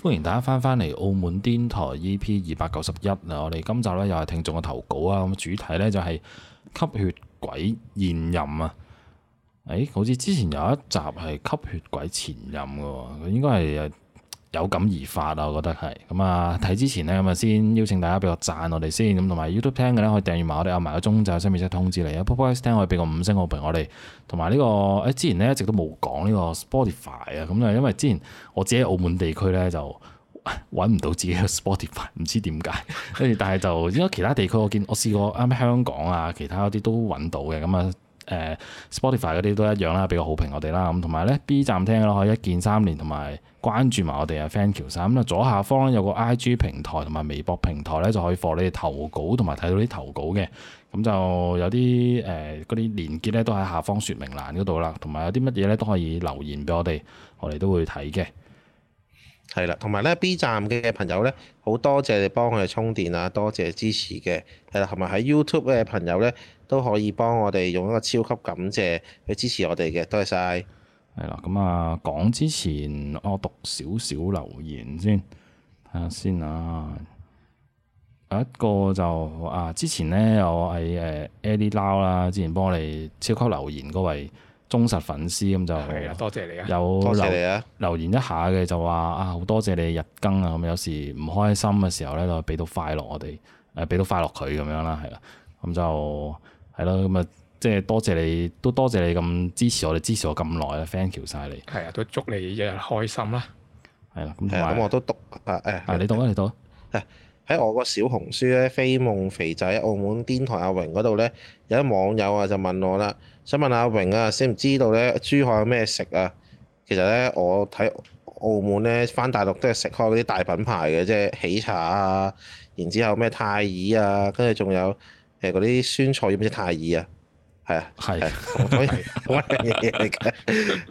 歡迎大家翻返嚟《澳門癲台 EP 二百九十一》啊！我哋今集咧又係聽眾嘅投稿啊，咁主題咧就係吸血鬼現任啊！誒、哎，好似之前有一集係吸血鬼前任嘅喎，應該係。有感而發啊，我覺得係咁啊！睇、嗯、之前咧咁啊，先邀請大家俾個讚我哋先，咁同埋 YouTube 聽嘅咧可以訂閱埋我哋，按埋個鐘就有新片即通知你啊！Podcast 聽可以俾個五星好評我哋，同埋呢個誒、欸、之前咧一直都冇講呢個 Spotify 啊，咁、嗯、啊，因為之前我自己喺澳門地區咧就揾唔到自己嘅 Spotify，唔知點解，跟住 但係就因為其他地區我見我試過啱香港啊，其他嗰啲都揾到嘅，咁啊誒 Spotify 嗰啲都一樣啦，俾個好評我哋啦，咁同埋咧 B 站聽嘅咯，可以一鍵三連同埋。關注埋我哋啊，thank you 晒咁啊，左下方有個 IG 平台同埋微博平台咧，就可以放你哋投稿同埋睇到啲投稿嘅。咁就有啲誒嗰啲連結咧，都喺下方説明欄嗰度啦。同埋有啲乜嘢咧都可以留言俾我哋，我哋都會睇嘅。係啦，同埋咧 B 站嘅朋友咧，好多謝你幫我哋充電啊，多謝支持嘅。係啦，同埋喺 YouTube 嘅朋友咧，都可以幫我哋用一個超級感謝去支持我哋嘅，多謝晒。係啦，咁啊，講之前我讀少少留言先，睇下先啊。有一個就啊，之前咧又係誒，Eddie Lau 啦，之前幫我哋超級留言嗰位忠實粉絲，咁就係啊，多謝你啊，有流多謝你啊，留言一下嘅就話啊，好多謝你日更，嗯、啊，咁有時唔開心嘅時候咧，就俾到快樂我哋，誒，俾到快樂佢咁樣啦，係啦，咁就係啦，咁啊。即係多謝你，都多謝你咁支持我哋，支持我咁耐啊！thank you 晒你，係啊，都祝你日日開心啦。係啊，咁我都讀啊，誒，係你讀啊，你讀啊。喺我個小紅書咧，飛夢肥仔、澳門癲台阿榮嗰度咧，有啲網友啊就問我啦，想問阿榮啊，知唔知道咧？珠海有咩食啊？其實咧，我睇澳門咧翻大陸都係食開嗰啲大品牌嘅，即係喜茶啊，然之後咩太二啊，跟住仲有誒嗰啲酸菜，要唔只太二啊？係啊，係，所以好乜嘢嘢嚟嘅，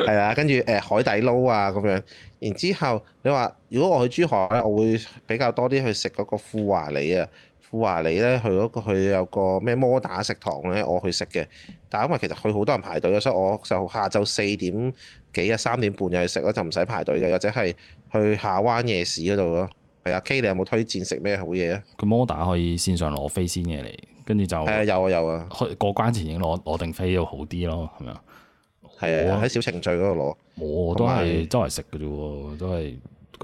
係啊 的，跟住誒海底撈啊咁樣， 然之後你話如果我去珠海，我會比較多啲去食嗰個富華里啊，富華里咧去嗰個佢有個咩摩打食堂咧，我去食嘅，但因為其實佢好多人排隊嘅，所以我就下晝四點幾啊三點半就去食咯，就唔使排隊嘅，或者係去夏灣夜市嗰度咯。係啊，K，你有冇推薦食咩好嘢啊？個摩打可以線上攞飛先嘅你。跟住就係啊！有啊有啊，過關前已經攞攞定飛要好啲咯，係咪啊？係啊，喺小程序嗰度攞。我都係周圍食嘅啫喎，都係。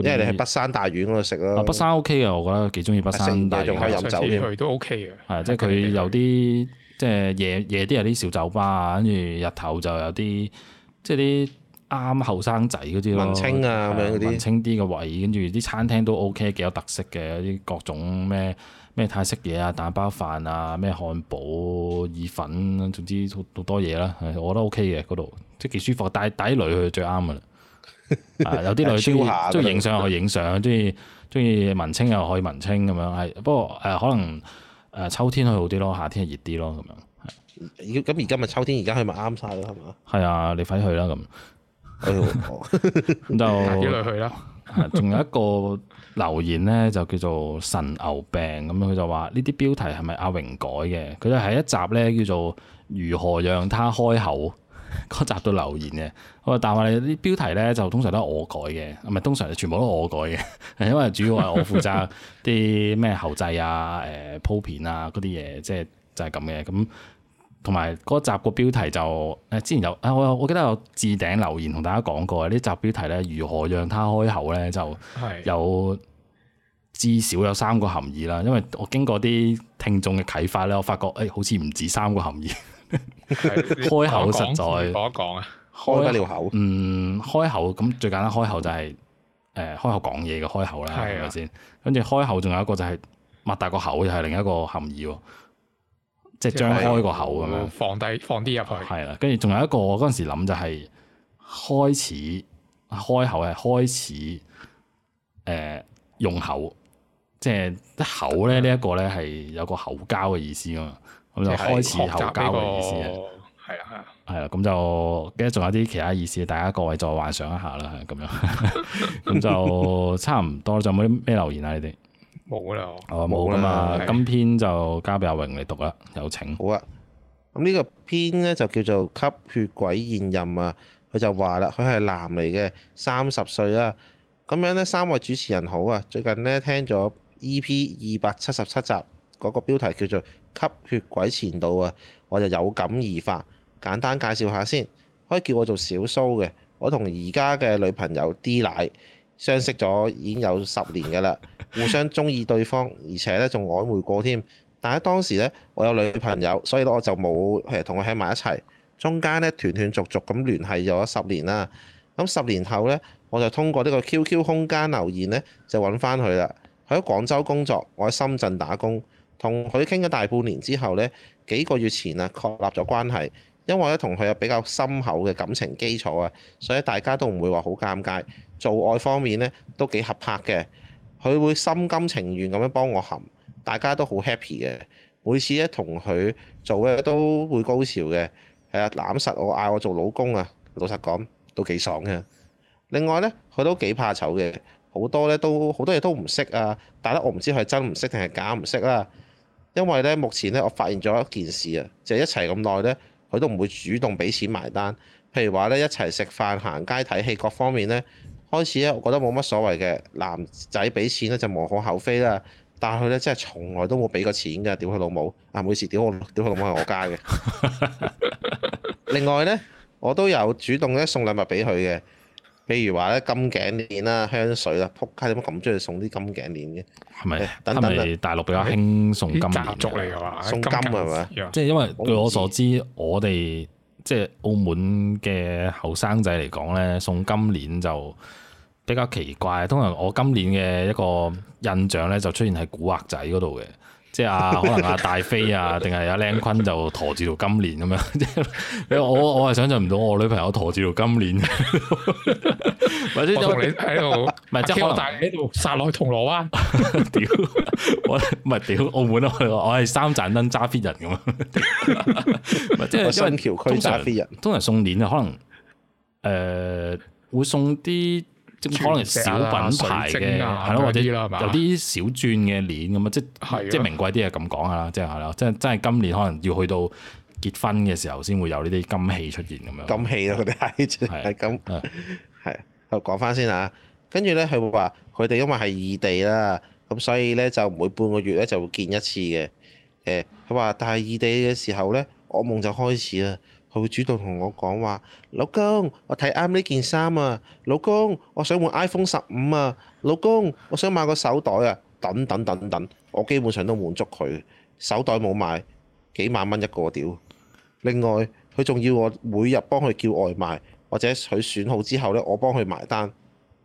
因為你喺北山大院嗰度食咯。啊，北山 OK 嘅，我覺得幾鍾意北山大院，仲可以飲酒嘅，都 OK 嘅。係啊，即係佢有啲即係夜夜啲有啲小酒吧啊，跟住日頭就有啲即係啲啱後生仔嗰啲咯。文青啊，咁樣嗰啲。文青啲嘅位，跟住啲餐廳都 OK，幾有特色嘅，有啲各種咩，咩泰式嘢啊，蛋包飯啊，咩漢堡意粉，總之好多嘢啦。我覺得 OK 嘅嗰度，即係幾舒服。帶底女去最啱噶啦。有啲女中意影相，可以影相；中意中意文青又可以文青咁樣。不過誒、呃，可能誒秋天去好啲咯，夏天熱啲咯咁樣。咁而家咪秋天，而家去咪啱晒咯，係咪啊？係啊，你快啲去啦咁。 就啲女 類去啦。 仲有一個。留言咧就叫做神牛病咁樣，佢就話呢啲標題係咪阿榮改嘅？佢就喺一集咧叫做《如何讓他開口》嗰 集都留言嘅。我話但係啲標題咧就通常都係我改嘅，唔係通常全部都我改嘅。 因為主要係我負責啲咩後製啊、誒、欸、鋪片啊嗰啲嘢，即係就係咁嘅咁。就是同埋嗰集個標題就誒，之前有啊，我我記得有置頂留言同大家講過，呢集標題咧如何讓他開口咧，就有是的 至少有三個含義啦。因為我經過啲聽眾嘅啟發咧，我發覺誒、欸、好似唔止三個含義。 的開口實在講一講啊，開不了口。嗯，開口咁最簡單開口就係、是、誒、呃、開口講嘢嘅開口啦，係咪的先？跟住開口仲有一個就係、是、擘大個口，就係另一個含義喎。即係張開個口咁樣，放低放啲入去。係啦，跟住仲有一個，我嗰陣時諗就係開始開口，係開始誒、呃、用口，即係啲口咧呢的個一個咧係有個口交嘅意思啊嘛，咁的就開始口交嘅意思啊。係啊係啊，係啦，咁就記得仲有啲其他意思，大家各位再幻想一下啦，咁樣，咁 就差唔多就冇啲咩留言啊？你哋？冇啦，冇噶嘛。今篇就交畀阿榮嚟讀啦，有請。好啊，咁呢個篇咧就叫做吸血鬼現任啊，佢就話啦，佢係男嚟嘅，三十歲啊。咁樣呢，三位主持人好啊，最近呢，聽咗 EP 二百七十七集嗰個標題叫做吸血鬼前度啊，我就有感而發，簡單介紹下先，可以叫我做小蘇嘅，我同而家嘅女朋友 D 奶。相識咗已經有十年嘅啦，互相中意對方，而且咧仲曖昧過添。但係當時咧，我有女朋友，所以咧我就冇同佢喺埋一齊。中間咧斷斷續續咁聯繫咗十年啦。咁十年後咧，我就通過呢個 QQ 空間留言咧，就揾翻佢啦。佢喺廣州工作，我喺深圳打工，同佢傾咗大半年之後咧，幾個月前啊確立咗關係。因為咧同佢有比較深厚嘅感情基礎啊，所以大家都唔會話好尷尬。做愛方面咧都幾合拍嘅，佢會心甘情願咁樣幫我含，大家都好 happy 嘅。每次咧同佢做咧都會高潮嘅，係啊攬實我嗌我做老公啊。老實講都幾爽嘅。另外咧佢都幾怕醜嘅，好多咧都好多嘢都唔識啊。但係我唔知係真唔識定係假唔識啦。因為咧目前咧我發現咗一件事啊，就係一齊咁耐咧。佢都唔會主動俾錢埋單，譬如話咧一齊食飯、行街、睇戲各方面咧，開始咧我覺得冇乜所謂嘅，男仔俾錢咧就無可厚非啦。但係佢咧真係從來都冇俾過錢㗎，屌佢老母！啊，每次屌我，屌佢老母係我家嘅。 另外咧，我都有主動咧送禮物俾佢嘅。譬如話咧金頸鍊啦，香水啦，撲街點解咁中意送啲金頸鍊嘅？係咪？等咪等大陸比較興送、欸欸、送金？家嚟係嘛？送金係咪？即係因為據我所知，嗯、我哋即係澳門嘅後生仔嚟講咧，送金鏈就比較奇怪。通常我今年嘅一個印象咧，就出現喺古惑仔嗰度嘅。即係啊，可能阿大飛啊，定係阿靚坤就陀住條金鏈咁樣。即 係我我係想象唔到我女朋友陀住條金鏈，或者我你喺度，唔係、啊、是即係我帶你喺度殺落去銅鑼灣、啊。屌 唔係屌，澳門啊！我係三盞燈揸 Fit 人咁。唔係即係因為新橋區揸 Fit 人，通常送鏈啊，可能誒、呃、會送啲。可能小品牌嘅，係咯、啊，啊、的或者有啲小鑽嘅鏈咁啊，就是、的即係即係名貴啲啊，咁講啊，即係啦，即、就、係、是、真係今年可能要去到結婚嘅時候，先會有呢啲金器出現咁樣。金器咯、啊，嗰啲係係金，係。我講翻先啊，跟住咧佢會話佢哋因為係異地啦，咁所以咧就每半個月咧就會見一次嘅。誒、欸，佢話但係異地嘅時候咧，噩夢就開始啦。佢會主動同我講話，老公，我睇啱呢件衫啊，老公，我想換 iPhone 十五啊，老公，我想買個手袋啊，等等等等，我基本上都滿足佢。手袋冇買，幾萬蚊一個屌。另外，佢仲要我每日幫佢叫外賣，或者佢選好之後呢，我幫佢埋單。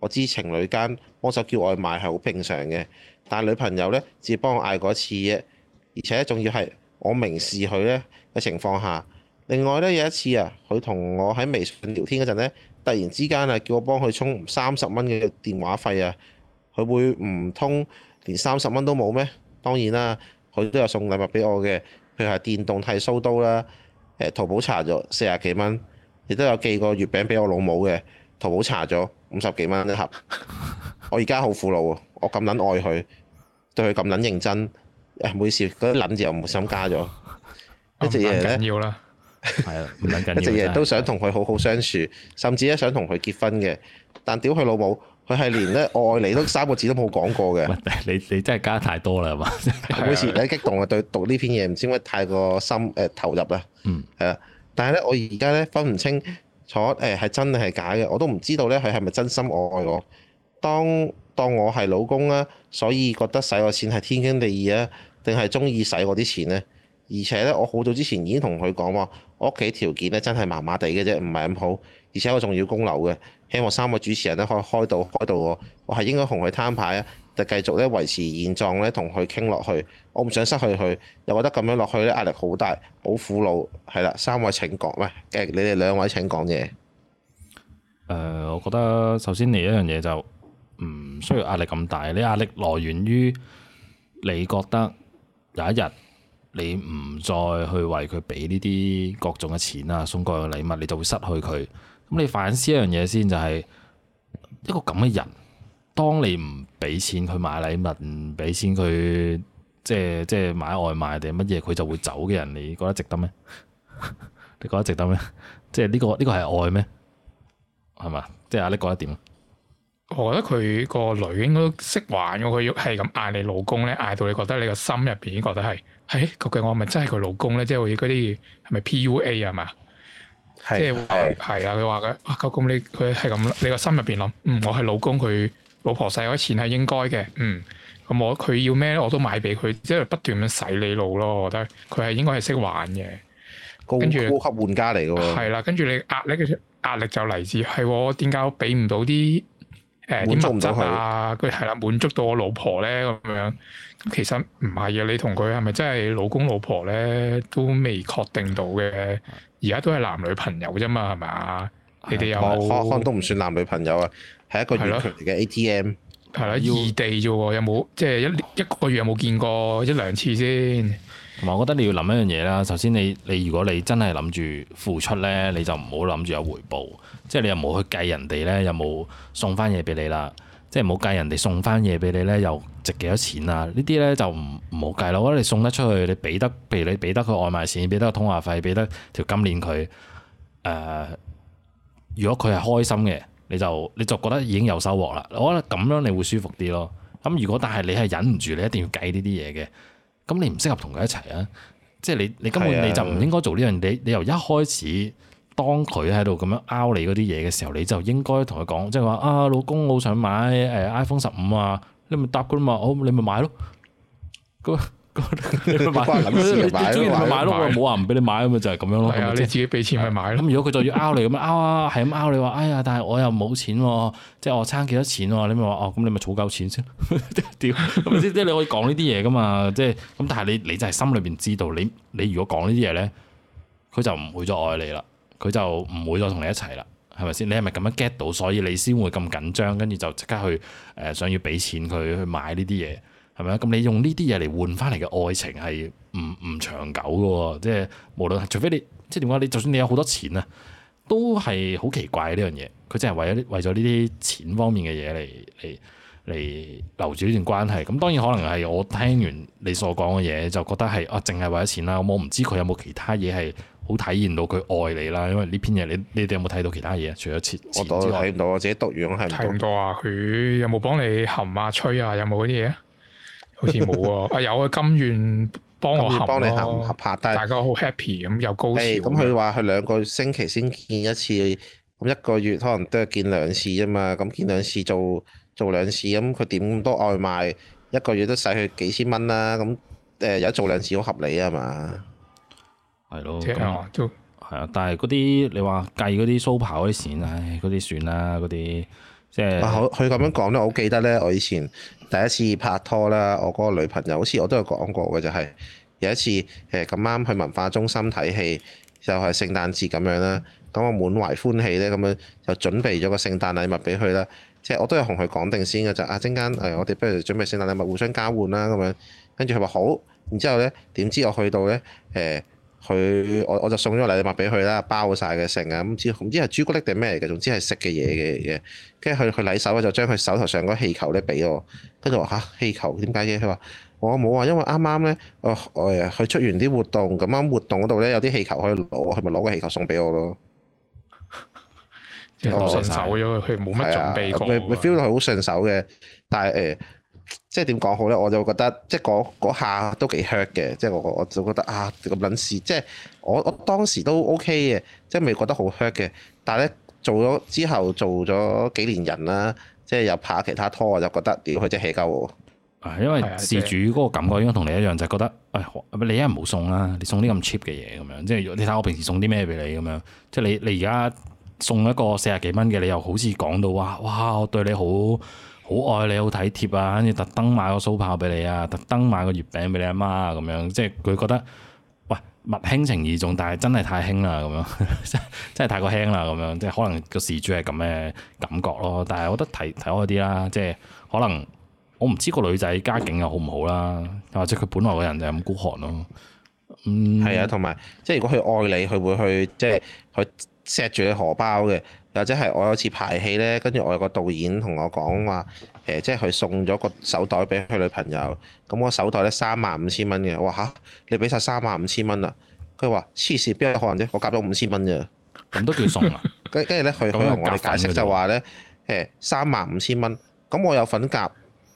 我知情侶間幫手叫外賣係好平常嘅，但係女朋友呢，只幫我嗌過一次啫，而且仲要係我明示佢呢嘅情況下。另外咧，有一次啊，佢同我喺微信聊天嗰陣咧，突然之間啊，叫我幫佢充三十蚊嘅電話費啊，佢會唔通連三十蚊都冇咩？當然啦，佢都有送禮物俾我嘅，佢係電動剃鬚刀啦，誒，淘寶查咗四十幾蚊，亦都有寄個月餅俾我老母嘅，淘寶查咗五十幾蚊一盒。 我而家好苦惱啊，我咁撚愛佢，對佢咁撚認真，啊，唔好意思，嗰啲撚字又唔心加咗，呢隻嘢啦。係啊， 一直日都想同佢好好相處，甚至咧想同佢結婚嘅。但屌佢老母，佢係連咧愛你都 三個字都冇講過嘅。 你你真係加太多啦，係嘛？每次你激動啊，對讀呢篇嘢唔知點解太過心誒、呃、投入啦。嗯，係啦、啊。但係咧，我而家咧分唔清楚誒係真定係假嘅，我都唔知道咧佢係咪真心愛我。當當我係老公啦，所以覺得使我錢係天經地義啊，定係中意使我啲錢咧？而且咧，我好早之前已經同佢講喎，我屋企條件咧真係麻麻地嘅啫，唔係咁好。而且我仲要供樓嘅，希望三位主持人咧可以開導開導我。我係應該同佢攤牌啊，定繼續咧維持現狀咧同佢傾落去。我唔想失去佢，又覺得咁樣落去咧壓力好大，好苦惱。係啦，三位請講喂，誒你哋兩位請講嘢。誒、呃，我覺得首先你一樣嘢就唔需要壓力咁大。你壓力來源於你覺得有一日。你唔再去為佢俾呢啲各種嘅錢啊，送各樣禮物，你就會失去佢。咁你反思一樣嘢先，就是，就係一個咁嘅人，當你唔俾錢佢買禮物，唔俾錢佢即係即係買外賣定乜嘢，佢就會走嘅人，你覺得值得咩？ 你覺得值得咩、？ 這個這個？即係呢個呢個係愛咩？係嘛？即係阿你覺得點？我覺得佢個女應該識玩喎，佢要係咁嗌你老公咧，嗌到你覺得你個心入邊已經覺得係，係、欸、究竟我係咪真係佢老公咧？即係好似嗰啲係咪 PUA 係嘛？即係係啊！佢話嘅啊，老公你佢係咁你個心入邊諗，嗯，我係老公，佢老婆使咗錢係應該嘅，嗯，咁我佢要咩我都買俾佢，即係不斷咁洗你腦咯。我覺得佢係應該係識玩嘅，高級高級玩家嚟㗎喎。係啦，跟住你壓力嘅壓力就嚟自係我點解俾唔到啲。誒啲物質啊，佢係啦滿足到我老婆咧咁樣，咁 其實唔係啊，你同佢係咪真係老公老婆咧都未確定到嘅？而家都係男女朋友啫嘛，係咪啊？對你哋又可能都唔算男女朋友啊，係一個完全嘅 ATM。係啦，異地啫喎，有冇即係一一個月有冇見過一兩次先？同埋我覺得你要諗一樣嘢啦，首先你你如果你真係諗住付出呢，你就唔好諗住有回報，即係你又冇去計人哋呢有冇送翻嘢俾你啦，即係冇計人哋送翻嘢俾你呢，又值幾多錢啊？呢啲呢就唔唔好計啦。我覺得你送得出去，你俾得譬如你俾得佢外賣錢，俾得個通話費，俾得條金鏈佢誒、呃，如果佢係開心嘅。你就你就覺得已經有收穫啦，我覺得咁樣你會舒服啲咯。咁如果但係你係忍唔住，你一定要計呢啲嘢嘅，咁你唔適合同佢一齊啊。即係你你根本你就唔應該做呢樣嘢。你由一開始當佢喺度咁樣拗你嗰啲嘢嘅時候，你就應該同佢講，即係話啊，老公我好想買誒 iPhone 十五啊，你咪搭佢啦嘛，好，你咪買咯。 你唔好話諗住買咯的，買咯，我冇話唔俾你買啊嘛，就係、是、咁樣咯。係啊呀，就是、你自己俾錢咪買咯。咁如果佢再要拗你咁拗啊，係咁拗你話，哎呀，但係我又冇錢，即、就、係、是、我差幾多錢，你咪話哦，咁你咪儲夠錢先。屌 對，係咪先？即係你可以講呢啲嘢噶嘛。即係咁，但係你你就係心裏邊知道，你你如果講呢啲嘢咧，佢就唔會再愛你啦，佢就唔會再同你一齊啦，係咪先？你係咪咁樣 get 到？所以你先會咁緊張，跟住就即刻去誒，想要俾錢佢去，去買呢啲嘢。係咪咁你用呢啲嘢嚟換翻嚟嘅愛情係唔唔長久噶喔？即係無論除非你即係點講，你就算你有好多錢啊，都係好奇怪呢樣嘢。佢真係為咗為咗呢啲錢方面嘅嘢嚟嚟嚟留住呢段關係。咁當然可能係我聽完你所講嘅嘢，就覺得係啊，淨係為咗錢啦。我唔知佢有冇其他嘢係好體現到佢愛你啦。因為呢篇嘢，你你哋有冇睇到其他嘢？除咗錢之外，我睇唔到，我自己讀完我係睇唔到啊。佢有冇幫你含啊吹啊？有冇嗰啲嘢？ 好似冇喎，啊有啊，甘願幫我合，幫你合合拍，但係大家好 happy 咁，又高潮。咁佢話佢兩個星期先見一次，咁一個月可能都係見兩次啫嘛。咁見兩次做做兩次，咁佢點咁多外賣一個月都使佢幾千蚊啦。咁誒，有做兩次好合理啊嘛。係咯，咁係啊，但係嗰啲你話計嗰啲 super 啲船唉，嗰啲算啦，嗰啲。即係佢咁樣講咧，我好記得咧。我以前第一次拍拖啦，我嗰個女朋友好似我都有講過嘅，就係有一次誒咁啱去文化中心睇戲，就係聖誕節咁樣啦。咁我滿懷歡喜咧，咁樣就準備咗個聖誕禮物俾佢啦。即係我都有同佢講定先嘅，就係啊，陣間誒，我哋不如準備聖誕禮物互相交換啦。咁樣跟住佢話好，然之後咧，點知我去到咧誒。欸佢，我我就送咗禮物俾佢啦，包晒嘅成啊咁之，唔知係朱古力定咩嚟嘅，總之係食嘅嘢嘅嘢。跟住佢佢禮手咧就將佢手頭上嗰個氣球咧俾我，跟住話嚇氣球點解嘅？佢話我冇啊，因為啱啱咧，哦，哎呀，佢出完啲活動，咁啱活動嗰度咧有啲氣球可以攞，佢咪攞個氣球送俾我咯。順 了手因為佢冇乜準備過，feel 到好順手嘅， 但係誒。呃即係點講好咧？我就覺得即係嗰下都幾 hurt 嘅，即係我我就覺得啊咁撚事，即係我我當時都 OK 嘅，即係未覺得好 hurt 嘅。但係咧做咗之後做咗幾年人啦，即係又拍其他拖，我就覺得屌佢真係鳩喎。因為事主嗰個感覺應該同你一樣，就係，是，覺得喂，哎，你一日冇送啦，你送啲咁 cheap 嘅嘢咁樣，即係你睇我平時送啲咩俾你咁樣，即係你你而家送一個四十幾蚊嘅，你又好似講到話，哇！我對你好。好愛你，好體貼啊！跟住特登買個酥炮俾你啊，特登買個月餅俾你阿媽啊，咁樣即係佢覺得，喂，物輕情義重，但係真係太，太輕啦，咁樣真真係太過輕啦，咁樣即係可能個事主係咁嘅感覺咯。但係我覺得睇睇開啲啦，即係可能我唔知個女仔家境又好唔好啦，或者佢本來個人就咁孤寒咯。嗯，係啊，同埋即係如果佢愛你，佢會去即係佢錫住你荷包嘅。或者係我有次排戲呢，跟住我有個導演同我講話，誒、呃，即係佢送咗個手袋俾佢女朋友，咁個手袋 35, 35,、啊、個呢，三萬五千蚊嘅。哇吓你俾晒三萬五千蚊啦，佢話，黐線邊有可能啫，我夾咗五千蚊啫，咁都叫送啊，跟跟住呢，佢佢又同我解釋就話呢，誒三萬五千蚊，咁、嗯、我有份夾。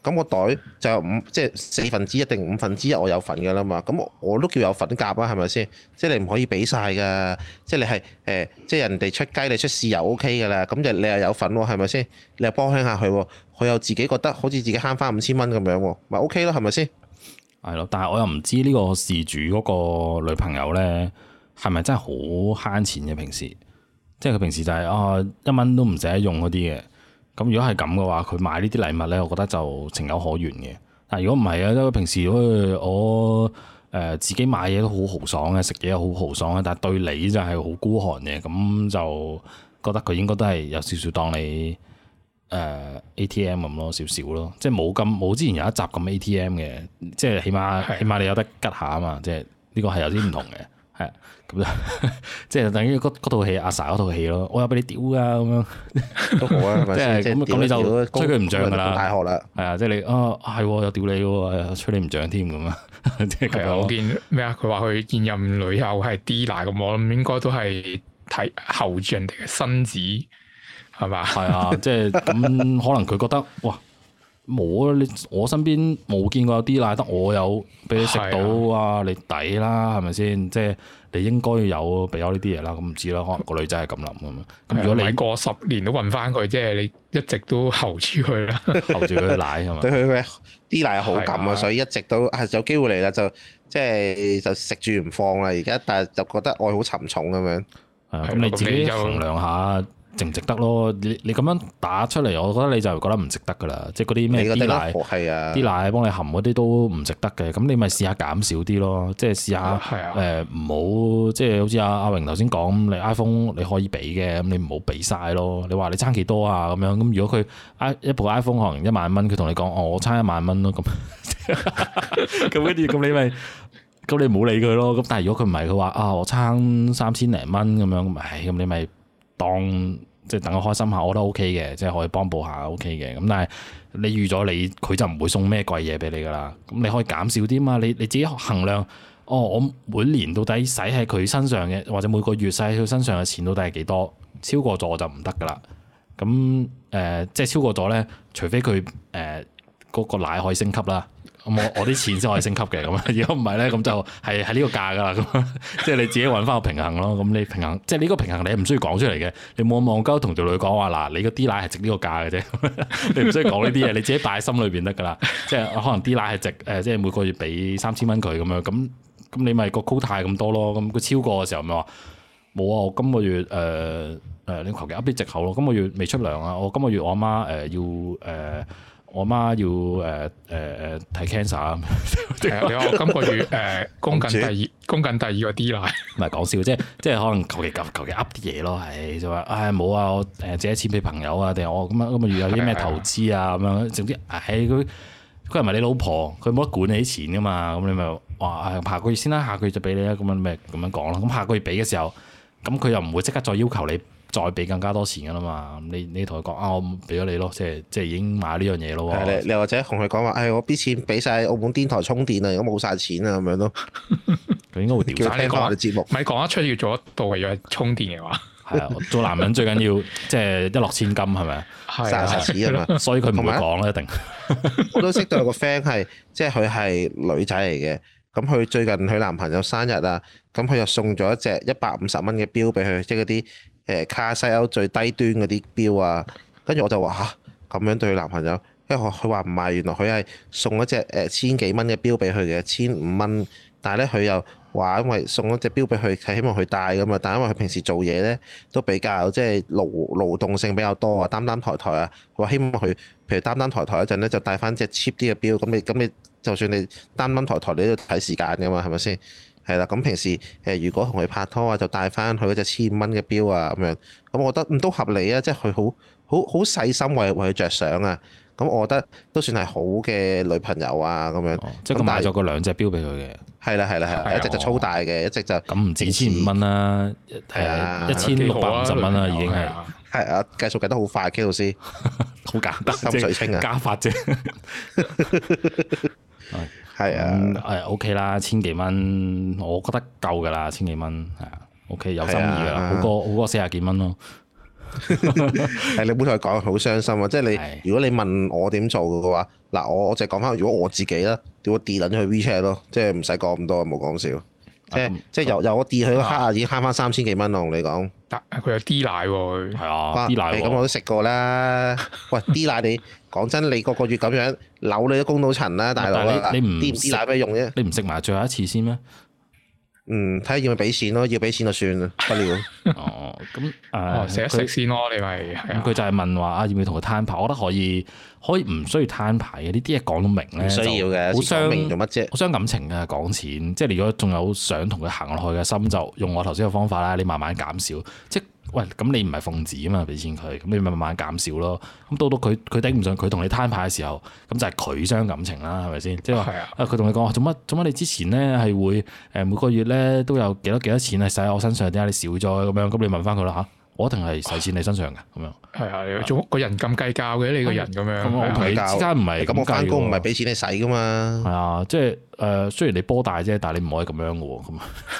咁個袋就有五，即係四分之一定五分之一，我有份㗎啦嘛。咁我都叫有份夾啊，係咪先？即係你唔可以俾晒㗎。即係你係誒、呃，即係人哋出街，你出豉油 O K 㗎啦。咁就你又有份喎，係咪先？你又幫輕下佢喎，佢又自己覺得好似自己慳翻五千蚊咁樣喎，咪 O K 啦，係咪先？係咯，但係我又唔知呢個事主嗰個女朋友呢，係咪真係好慳錢嘅平時？即係佢平時就係、是、哦、啊，一蚊都唔捨得用嗰啲嘅。咁如果係咁嘅話，佢買呢啲禮物呢，我覺得就情有可原嘅。但如果唔係啊，因為平時如、哎、我誒、呃、自己買嘢都好豪爽嘅，食嘢好豪爽嘅，但係對你就係好孤寒嘅，咁就覺得佢應該都係有少少當你、呃、ATM 咁咯，少少咯，即係冇咁冇之前有一集咁 ATM 嘅，即係起碼的起碼你有得拮下啊嘛，即係呢、呢個係有啲唔同嘅，係。 咁就 即係等於嗰套戲阿 Sa 嗰套戲咯，我有俾你屌啊咁樣，都好啊，即係咁咁你就吹佢唔漲噶啦，大學啦，係啊，啊， 啊，即係你啊係又屌你，又吹你唔漲添咁啊！係其實我見咩啊？佢話佢現任女友係 D 娜咁，我諗應該都係睇後住人哋嘅身子係嘛？係啊，即係咁可能佢覺得哇。冇啊！你我身邊冇見過有啲奶得我有俾你食到是啊你！你抵啦，係咪先？即、就、係、是、你應該要有俾我呢啲嘢啦，咁唔知啦。可能個女仔係咁諗，咁如果你過十年都揾翻佢，即係你一直都候住佢啦。候住佢奶係嘛？ 對佢咩？啲奶好感啊，是啊所以一直都係、啊、有機會嚟啦，就即、是、係就食住唔放啦。而家但係就覺得愛好沉重咁樣。咁、啊、你自己衡量下。嗯值唔值得咯，你你咁樣打出嚟，我覺得你就覺得唔值得噶啦，即係嗰啲咩奶，啲奶幫你含嗰啲都唔值得嘅，咁你咪試下減少啲咯，即係試下誒唔好，即係好似阿阿榮頭先講，你 iPhone 你可以俾嘅，咁你唔好俾晒咯。你話你差幾多啊咁樣，咁如果佢一部 iPhone 可能一萬蚊，佢同你講我差一萬蚊咯，咁咁啲，跟住咁你咪，咁你唔好理佢咯。咁但係如果佢唔係佢話啊，我差三千零蚊咁樣，咪咁你咪。當即等佢開心下，我都 OK 嘅，即係可以幫補下 OK 嘅。咁但係你預咗你佢就唔會送咩貴嘢俾你噶啦。咁你可以減少啲嘛。你你自己衡量，哦，我每年到底使喺佢身上嘅，或者每個月使喺佢身上嘅錢到底係幾多？超過咗就唔得噶啦。咁誒、呃，即係超過咗咧，除非佢誒嗰個奶可以升級啦。我我啲錢先可以升級嘅，咁如果唔係咧，咁就係喺呢個價噶啦。咁即係你自己揾翻個平衡咯。咁你平衡即係呢個平衡，你係唔需要講出嚟嘅。你冇望鳩同條女講話嗱，你個啲奶係值呢個價嘅啫。你唔需要講呢啲嘢，你自己擺喺心裏邊得噶啦。即係可能啲奶係值誒，即係每個月俾三千蚊佢咁樣。咁咁你咪個 quota 咁多咯。咁佢超過嘅時候咪話冇啊。我今個月誒誒，你求其壓啲借口咯。今個月未出糧啊。我今個月我阿媽誒要誒。我媽要誒誒誒睇 cancer 啊！你、呃、好，今個月誒供緊第二供緊第二個 D 啦。唔係講笑，即係即係可能求其求求其噏啲嘢咯，係就話唉，冇、哎、啊！我誒借啲錢俾朋友啊，定係我咁啊咁啊，遇到啲咩投資啊咁樣，總之唉，佢佢又唔係你老婆，佢冇得管你啲錢噶嘛。咁你咪話誒，下個月先啦，下個月就俾你啦。咁樣咪，咁樣講啦。咁下個月俾嘅時候，咁佢又唔會即刻再要求你。再俾更加多錢㗎啦嘛，你你同佢講啊，我俾咗你咯，即係即係已經買呢樣嘢咯喎。你或者同佢講話，誒、哎，我啲錢俾晒澳門電台充電啊，如果冇晒錢啊，咁樣咯。佢 應該會屌翻 P 我嘅節目。咪講得出要做得到又要充電嘅話，係啊， 做男人最緊要即係、就是、一落千金係咪啊？晒晒錢啊嘛，的所以佢唔會講啦，一定。 我都識到有個 friend 係，即係佢係女仔嚟嘅，咁佢最近佢男朋友生日啊，咁佢又送咗一隻一百五十蚊嘅錶俾佢，即係嗰啲。誒、呃，卡西歐最低端嗰啲表啊，跟住我就話吓咁樣對佢男朋友，因為佢佢話唔係，原來佢係送一隻誒、呃、千幾蚊嘅表俾佢嘅，千五蚊，但係咧佢又話因為送一隻表俾佢係希望佢戴噶嘛。但係因為佢平時做嘢咧都比較即係勞勞動性比較多擔擔台台啊，擔擔抬抬啊，佢話希望佢譬如擔擔抬抬一陣咧就戴翻隻 cheap 啲嘅表，咁你咁你就算你擔擔抬抬你都要睇時間噶嘛，係咪先？係啦，咁平時誒如果同佢拍拖啊，就帶翻佢嗰隻千五蚊嘅表啊，咁樣，咁我覺得唔都合理啊，即係佢好好好細心為為佢着想啊，咁我覺得都算係好嘅女朋友啊，咁樣。即係佢買咗個兩隻表俾佢嘅。係啦係啦係啦，一隻就粗大嘅，一隻就咁唔止千五蚊啦，係一千六百五十蚊啦，已經係。係啊，計數計得好快，Kay 老師，好簡單，心水清啊，加法啫。係啊，誒，O K 啦，千幾蚊，我覺得夠噶啦，千幾蚊係啊，O、okay, K 有心意噶啦、啊，好過好過四十幾蚊咯。係 你唔好同佢講，好傷心啊！即係你，啊、如果你問我點做嘅話，嗱，我我淨係講翻，如果我自己咧，調個 D 輪去 WeChat 咯，即係唔使講咁多，冇講笑。嗯、即即由、嗯、由我跌去，去，個黑牙已經慳翻三千幾蚊同你講。但佢有 D 奶喎、欸，啊 D 奶、欸。咁、啊，我都食過啦。 喂，D 奶你講 真，你個個月咁樣扭你都攻到塵啦、啊，大佬你唔 D 唔奶乜用啫？你唔食埋最後一次先咩？嗯，睇下要唔要俾錢咯，要俾錢就算啦，不了。 哦，咁、嗯、哦，食一食先咯，你咪。咁佢就係問話啊，他嗯、要唔要同佢攤牌？我覺得可以，可以唔需要攤牌嘅，呢啲嘢講到明咧，唔需要嘅。好傷明做乜啫？好傷感情啊！講錢，即係如果仲有想同佢行落去嘅心，就用我頭先嘅方法啦。你慢慢減少，即喂，咁你唔係奉旨啊嘛，俾錢佢，咁你咪慢慢減少咯。咁到到佢佢頂唔順，佢同你攤牌嘅時候，咁就係佢傷感情啦，係咪先？即係話，啊佢同、啊、你講，做乜做乜？你之前咧係會誒每個月咧都有幾多幾多錢係使喺我身上？點解你少咗咁樣？咁你問翻佢啦嚇，我一定係使錢你身上嘅咁樣。係係，做、啊、個人咁計較嘅你個人咁樣，啊、我同你之間唔係咁我翻工唔係俾錢你使噶嘛。係啊，即、就、係、是。誒，雖然你波大啫，但係你唔可以咁樣嘅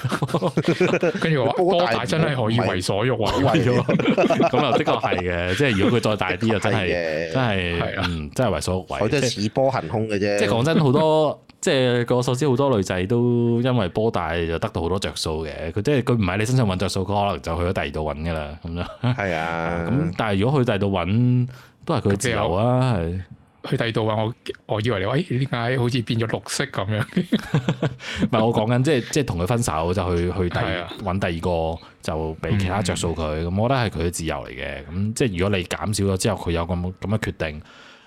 喎。咁，跟住我話波大真係可以為所欲為咯。咁啊，的確係嘅。即係如果佢再大啲啊，真係真係，嗯，真係為所欲為。即係似波行空嘅啫。即係講真，好多即係據我所知，好多女仔都因為波大就得到好多着數嘅。佢即係佢唔喺你身上揾着數，佢可能就去咗第二度揾噶啦。咁樣係啊。咁但係如果去第二度揾，都係佢自由啊。係。去第二度啊！我我以為你，喂、哎，點解好似變咗綠色咁樣？唔 係 我講緊，即係即係同佢分手就去去第二揾第二個，就俾其他着數佢。咁 我覺得係佢嘅自由嚟嘅。咁即係如果你減少咗之後，佢有咁咁嘅決定，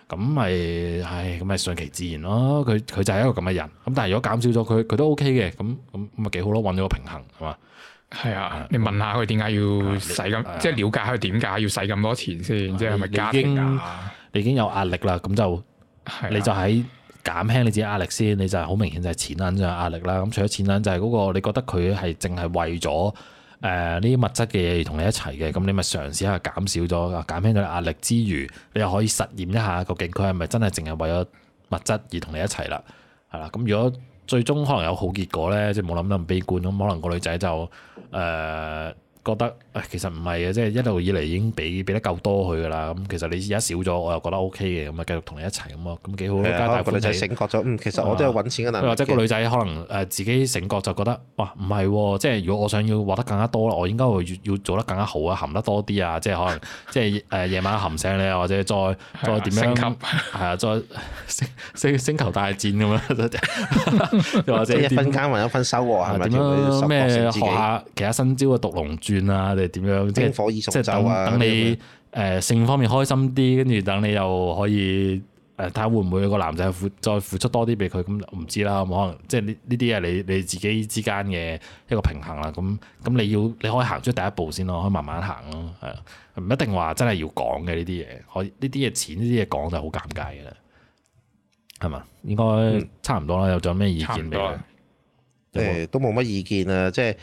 咁咪唉，咁咪順其自然咯。佢佢就係一個咁嘅人。咁但係如果減少咗，佢佢都 OK 嘅。咁咁咪幾好咯，揾到個平衡係嘛？係啊，你問下佢點解要使咁，即係、嗯嗯嗯、了解下佢點解要使咁多錢先，嗯、即係咪加？你已經有壓力啦，咁就的你就喺減輕你自己壓力先，你就係好明顯就係錢銀上壓力啦。咁除咗錢銀就、那個，就係嗰個你覺得佢係淨係為咗誒呢啲物質嘅嘢同你一齊嘅，咁你咪嘗試下減少咗、減輕咗壓力之餘，你又可以實驗一下個境況係咪真係淨係為咗物質而同你一齊啦？係啦，咁如果最終可能有好結果呢，即係冇諗得咁悲觀。咁可能個女仔就誒。呃覺得其實唔係嘅，即係一路以嚟已經俾俾得夠多佢噶啦。咁其實你而家少咗，我又覺得 OK 嘅，咁啊繼續同你一齊咁啊，咁、嗯、幾好咯，嗯、加大分。個女仔醒覺咗、嗯，其實我都有搵錢嘅能力。或者個女仔可能誒自己醒覺就覺得，哇，唔係，即係如果我想要畫得更加多啦，我應該會要做得更加好啊，含得多啲啊，即係可能， 即係誒夜晚含醒你，或者再再點樣，係啊， 再星，星球大戰咁樣，又 或者一分耕耘一分收穫，係咪？ 咩學下其他新招嘅毒龍珠？啦，定點樣即係即係等你誒、呃、性方面開心啲，跟住等你又可以誒睇下會唔會個男仔付再付出多啲俾佢，咁唔知啦，可能即係呢呢啲係，你你自己之間嘅一個平衡啦，咁咁你要你可以行出第一步先咯，可以慢慢行咯，係啊，唔一定話真係要講嘅呢啲嘢，可以呢啲嘢錢呢啲嘢講就好尷尬嘅啦，係嘛，應該差唔多啦，嗯、有咗咩意見俾佢？都冇乜意見啊，即係。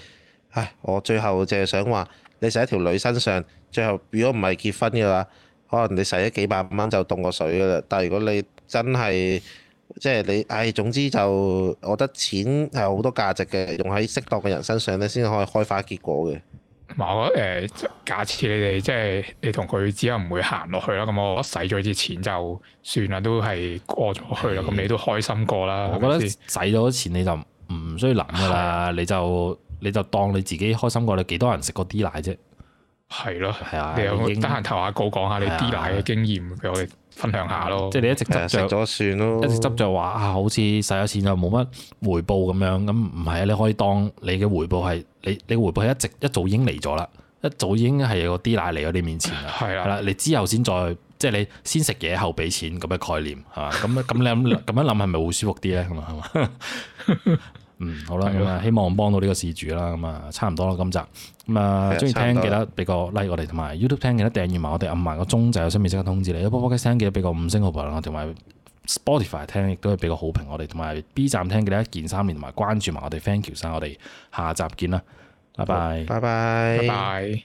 唉，我最後就係想話，你使喺條女身上，最後如果唔係結婚嘅話，可能你使咗幾百蚊就凍過水噶啦。但係如果你真係，即係你，唉，總之就我覺得錢係好多價值嘅，用喺適當嘅人身上咧，先可以開花結果嘅。唔係、嗯、我誒、呃，假設你哋即係你同佢只後唔會行落去啦，咁我使咗啲錢就算啦，都係過咗去啦。咁是你都開心過啦。我覺得使咗啲錢你就唔需要諗噶啦，是你就～你就當你自己開心過，你幾多人食過啲奶啫？係咯的，係啊，你又得閒投下個講下你啲奶嘅經驗，俾的我哋分享下咯。的即係你一直執著咗算咯，一直執着話啊，好似使咗錢就冇乜回報咁樣。咁唔係啊，你可以當你嘅回報係你，你嘅回報係一直一早已經嚟咗啦，一早已經係有個啲奶嚟咗你面前啦。係啦的，你之後先再，再即係你先食嘢後俾錢咁嘅概念係嘛？咁咁你咁樣諗係咪會舒服啲咧？咁啊係嘛？嗯，好啦，咁啊、嗯，希望幫到呢個事主啦，咁啊，差唔多啦，今集咁啊，中、嗯、意、嗯、聽記得俾個 like 我哋，同埋 YouTube 聽記得訂閱埋我哋暗埋個鐘就有新片即刻通知你 Apple Music 聽記得俾個五星好評我，同埋 Spotify 聽亦都係俾個好評我哋，同埋 B 站聽記得一鍵三連，同埋關注埋我哋 Thank you 晒，我哋下集見啦，拜，拜拜好，拜拜。拜拜